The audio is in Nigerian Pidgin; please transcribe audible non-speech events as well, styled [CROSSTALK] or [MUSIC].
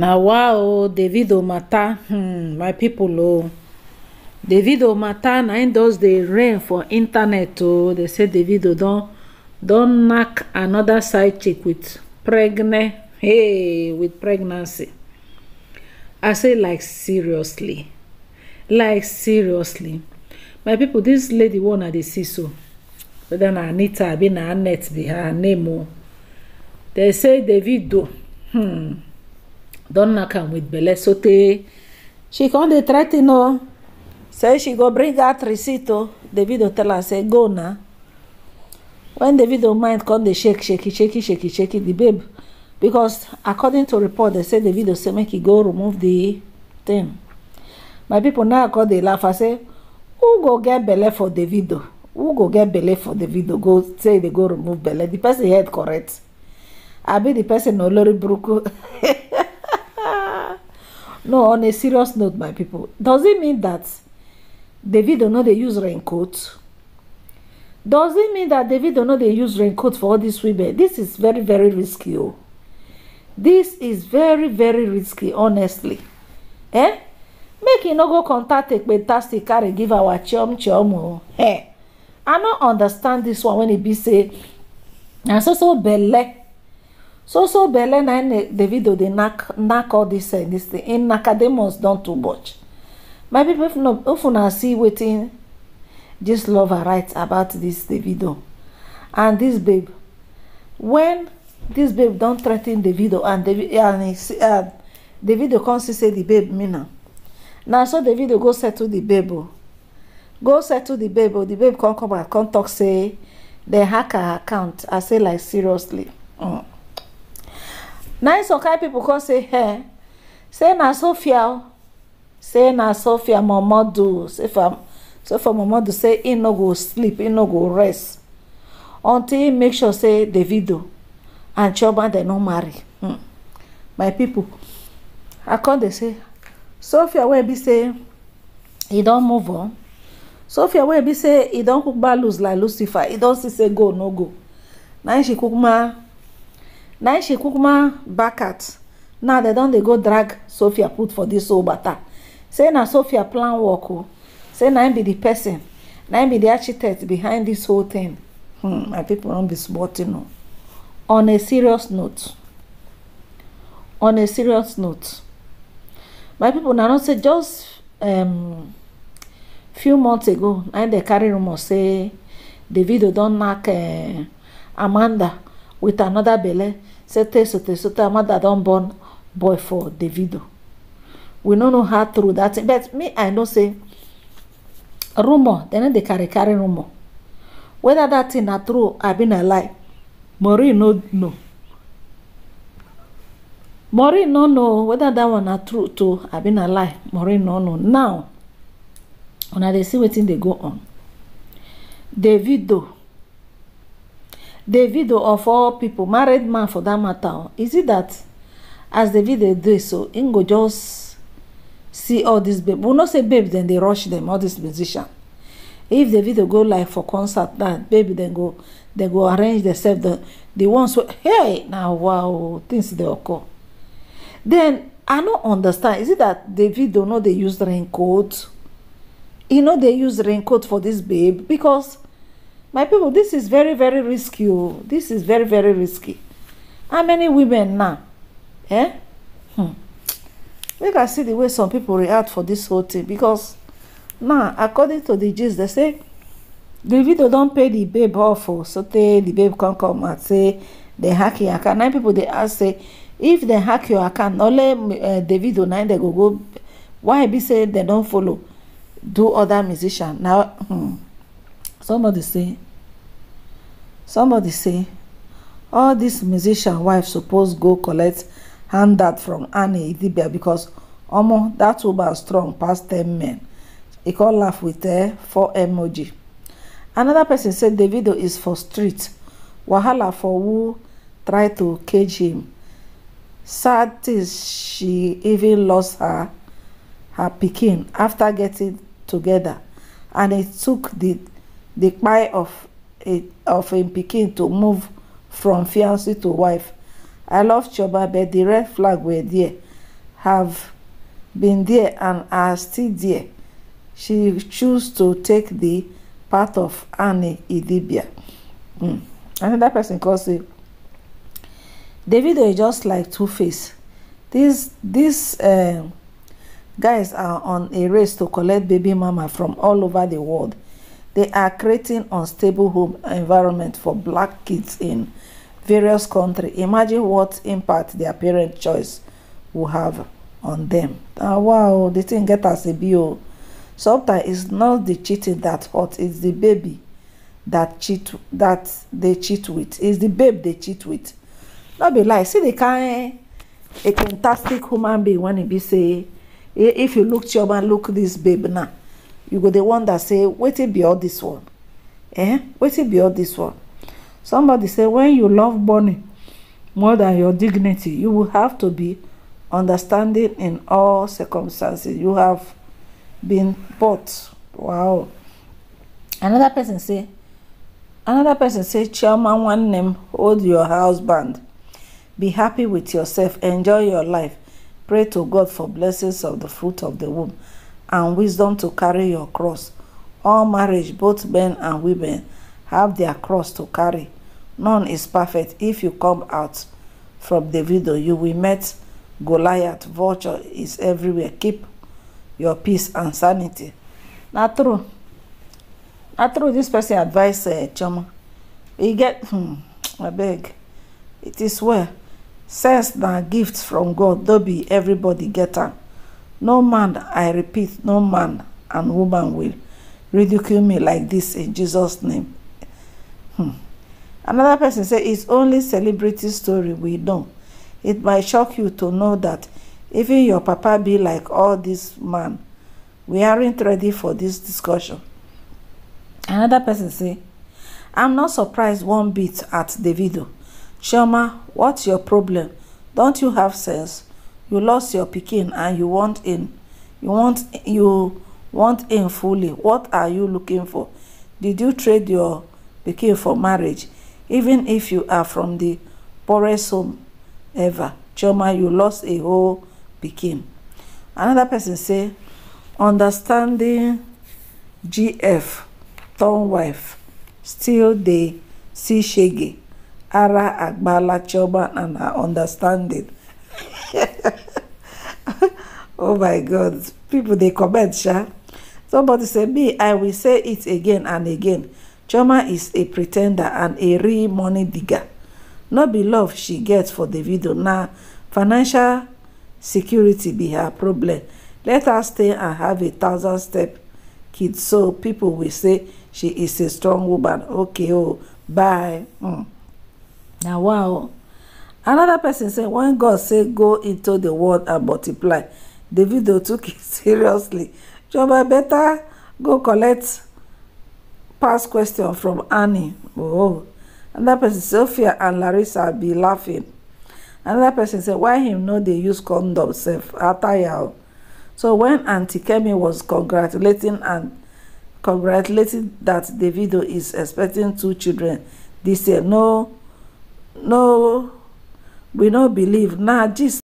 na wa o davido mata hmm, my people o David mata na im just dey reign for internet o dey say davido don don knack another side chick with pregnant hey with pregnancy i say like seriously like seriously my people this lady one i dey see so whether na anita abi na annette be her name o dey say David, davido hmm. don knack am with belle sotey she come dey threa ten oo say she go bring out receipt oh davido tell her say go na when davido mind come dey shake shakey shakey shakey shakey di babe becos according to report say davido say make e go remove di thing my pipo now come dey laugh and say who go get belle for davido who go get belle for davido go say dey go remove belle di person head correct abi di person olori buruku [LAUGHS] no on a serious note my people does it mean that don't no they use raincoat does it mean that don't no they use raincoat for all these women this is very very risky o oh. this is very very risky honestly eh make no go contact ekpentasti carry give our chum chum o oh. eh i not understand this one when it be say na so so belle so so belle na video. dey knack knack all this uh, this thing in academics don too much my people, if una see wetin dis lover write about dis video. and this babe when this babe don threaten video and the and davido come see say the babe mean am na so video go settle the babe o oh. go settle the babe o oh. di babe come come and come talk say dem hack her account i say like seriously Mm nine some kind people come say hey say na sophia say na sophia mama do say for so for mama do say he no go sleep he no go rest until he make sure say davido and chioma dem no marry hmm. my people i come dey say sophia wey be say e don move on sophia wey be say e don kukuma lose like lucifer e don see say go no go na she kukuma Now e she cook kukuma back at now they don't they go drag sophia put for this whole matter say now sophia plan work o say now im be di person Now im be di architect behind this whole thing hmm my people don't be small thing o on a serious note on a serious note my people now know say just um, few months ago now they carry rumour say davido don't knack uh, amanda With another belle sotey sotey sotey her mother don born boy for davido we no know how true that thing but me i know say rumour dem no dey carry carry rumour whether that thing na true abi na lie maureen no know maureen no know whether that one na true to abi na lie maureen no know now una dey see wetin dey go on davido davido of all people, married man for that matter oh. is it that as davido dey so im go just see all dis babe we know say babe dem dey rush dem all dis musician if davido go like for concert that babe dem go go arrange themselves the the ones wey hey na wow things dey occur then i no understand is it that davido no dey use raincoat e no dey use raincoat for this babe because my people this is very very risky oh this is very very risky how many women now eh hmm. make i see the way some people react for this whole thing because now according to the gist they say davido don pay the babe off oh sotey the babe come come out say dem hack im account nine people dey ask say if dem hack your account only uh, davido na dem go go why be say dem don follow do other musician na hmm somebody say somebody say all this musician wife suppose go collect handout from annie idibia because omo that woman strong pass ten men e con laugh with her. four emoji Another person say davido is for street wahala for who try to cage him sad tins she even lost her her pikin after getting together, and e took the." The kpai of a of im pikin to move from fiance to wife i love chioma but the red flag were there have been there and are still there she choose to take the part of annie idibia mm. another person call say davido is just like two face these these uh, um, guys are on a race to collect baby mama from all over the world They are creating unstable home environment for black kids in various countries. Imagine what impact their parent choice will have on them. Ah, wow, the thing get as a e BO. Oh. Sometimes it's not the cheating that hurt, it's the baby that cheat that they cheat with. It's the babe they cheat with. Not be like, see the kind a fantastic human being when he be say, if you look Chioma, look this babe now. you go the one that say "Wait be all this one eh Wait be all this one somebody say when you love money more than your dignity you will have to be understanding in all circumstances you have been bought wow another person say another person say chairman one name hold your house band be happy with yourself enjoy your life pray to god for blessings of the fruit of the womb and wisdom to carry your cross. All marriage, both men and women, have their cross to carry. None is perfect. If you come out from the video, you will meet Goliath. Vulture is everywhere. Keep your peace and sanity. Not true. Not true. This person advised uh, eh, Choma. You get, hmm, I beg. It is well. Sense that gifts from God. Don't be everybody get am. No man, I repeat, no man and woman will ridicule me like this in Jesus' name. Hmm. Another person said, It's only celebrity story we know. It might shock you to know that even your papa be like all this man. We aren't ready for this discussion. Another person say, I'm not surprised one bit at the video. what's your problem? Don't you have sense? you lost your pikin and you want in, you want you want in fully what are you looking for did you trade your pikin for marriage even if you are from the poorest home ever chioma you lost a whole pikin another person say understanding gf turn wife still dey see shege ara agbala chioma and her understanding oh my god People, they comment sha somebody said me i will say it again and again Choma is a pretender and a real money digger Not be love she gets for the davido now. financial security be her problem let her stay and have a thousand step kid so people will say she is a strong woman okay oh bye mm. na wow another person said, when god say go into the world and multiply davido took it seriously jumba better go collect past question from annie oh another person sophia and larissa be laughing another person say why him no dey use condom sef attire so when auntie kemi was congratulating and congratulating that davido is expecting two children dis year no no we no believe na gist